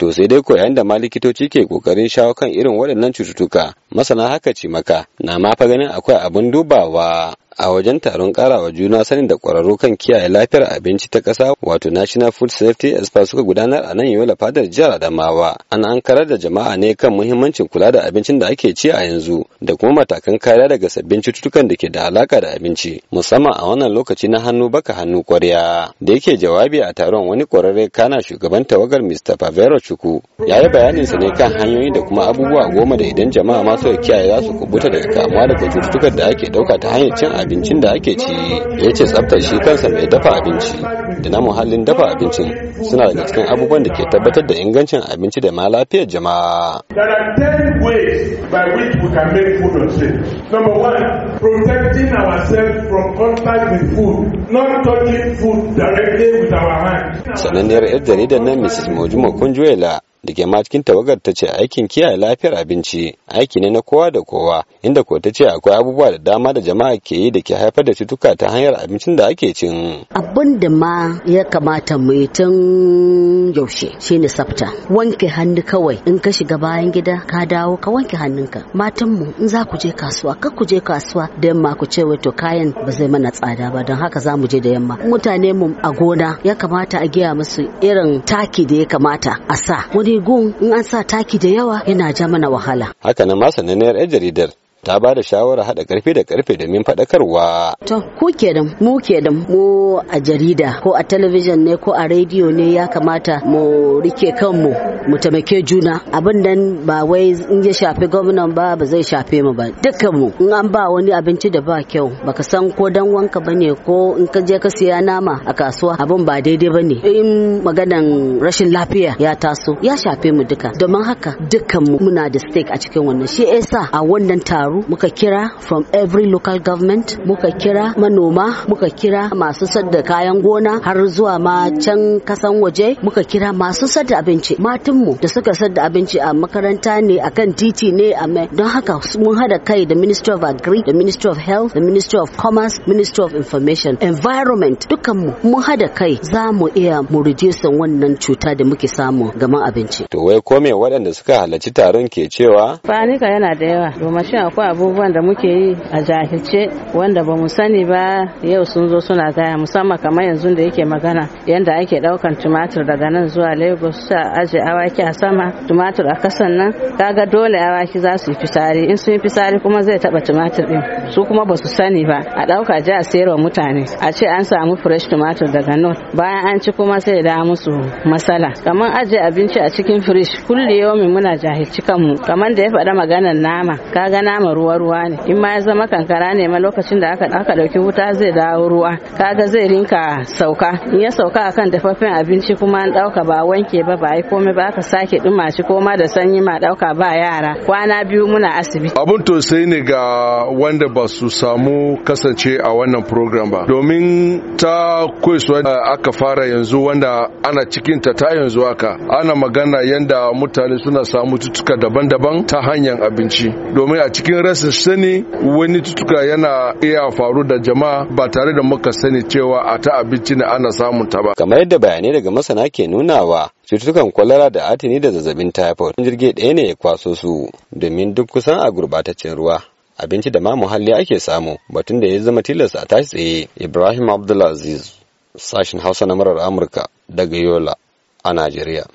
To sai dai ko yayin da ma likitoci ke kokarin shawo kan irin waɗannan cututtuka masana haka ce maka na ma fa ganin akwai abin dubawa. a wajen taron karawa juna sanin da kwararru kan kiyaye lafiyar abinci ta ƙasa wato national food safety expo suka gudanar a nan yola fadar jihar adamawa an ankarar da jama'a ne kan muhimmancin kula da abincin da ake ci a yanzu da kuma matakan kariya daga sabbin cututtukan da ke da alaka da abinci musamman a wannan lokaci na hannu baka hannu kwarya da yake jawabi a taron wani kwararre kana shugaban tawagar mr pavero chuku ya yi bayanin sa ne kan hanyoyi da kuma abubuwa goma da idan jama'a masu kiyaye za su kubuta daga kamuwa daga cututtukan da ake dauka ta hanyar cin abinci abincin da ake ci ya ce tsaftar shi kansa mai dafa abinci da na muhallin dafa abincin suna daga cikin abubuwan da ke tabbatar da ingancin abinci da ma lafiyar jama'a. Sananniyar 'yar jaridar nan Mrs. mojimo Kunjuela da ke ma cikin tawagar ta ce aikin kiyaye lafiyar abinci aiki ne na kowa da kowa inda ko ta ce akwai abubuwa da dama da jama'a ke yi da ke haifar da cutuka ta hanyar abincin da ake cin abin da ma ya kamata mu yi tun yaushe shine tsafta wanke hannu kawai in ka shiga bayan gida ka dawo ka wanke hannunka matan mu in za ku je kasuwa ka ku je kasuwa da yamma ku ce to kayan ba zai mana tsada ba don haka za mu je da yamma mutane mu a gona ya kamata a gaya musu irin taki da ya kamata a sa wani wani in an sa taki da yawa yana ja mana wahala haka na ma sananniyar 'yan jaridar ta ba da shawarar haɗa karfe da karfe da min faɗakarwa. To, ku kenan, mu kenan, mu a jarida ko a talabijin ne ko a rediyo ne ya kamata mu rike kanmu mu taimake juna abin nan ba wai in ya shafi gwamnan ba ba zai shafe mu ba dukkan mu in an ba wani abinci da ba kyau baka san ko dan wanka bane ko in ka je ka siya nama a kasuwa abin ba daidai bane in maganan rashin lafiya ya taso ya shafe mu duka domin haka dukkan mu muna da stake a cikin wannan shi yasa a wannan taro muka kira from every local government muka kira manoma muka kira masu sadda kayan gona har zuwa ma can kasan waje muka kira masu sadda abinci matan mu da suka da abinci a makaranta ne a kan titi ne a mai don haka mun hada kai da ministry of agri da ministry of health da ministry of commerce ministry of information environment dukan mu mun hada kai za mu iya mu reducing wannan cuta da muke samu gaman abinci to wai ko me waɗanda suka halarci taron ke cewa fanika yana da yawa domin shi akwai abubuwan da muke yi a jahilce wanda ba mu sani ba yau sun zo suna gaya musamman kamar yanzu da yake magana yanda ake daukan tumatir daga nan zuwa lagos a aje awa awaki a sama tumatur a kasan nan kaga dole awaki za su yi fitsari in sun yi fitsari kuma zai taba tumatur din su kuma ba su sani ba a dauka ji a sayarwa mutane a ce an samu fresh tumatur daga not bayan an ci kuma sai da musu masala kamar aje abinci a cikin fresh kulle yomi muna jahilci kanmu kamar da ya faɗa maganar nama kaga nama ruwa ruwa ne in ma ya zama kankara ne ma lokacin da aka aka dauki wuta zai dawo ruwa kaga zai rinka sauka in ya sauka akan dafaffen abinci kuma an dauka ba wanke ba ba yi komai ba aka sake duma shi ko ma da sanyi ma dauka ba yara kwana biyu muna asibiti abun to ne ga wanda ba su samu kasance a wannan program ba domin ta koyiswa aka fara yanzu wanda ana cikin ta ta yanzu aka, ana magana yanda mutane suna samu tutuka daban-daban ta hanyar abinci domin a cikin rashin sani wani tutuka yana iya faru da jama'a ba tare da muka sani cewa a ta abinci ne ana samun ta ba kamar yadda bayanai daga masana ke nunawa cututtukan kwalara da atini da zazzabin typhoid jirgi ɗaya ne ya kwaso su domin duk kusan a gurbataccen ruwa abinci da ma muhalli ake samu batun da ya zama tilasta a tashi tsaye ibrahim abdulaziz sashen hausa na marar amurka daga yola a najeriya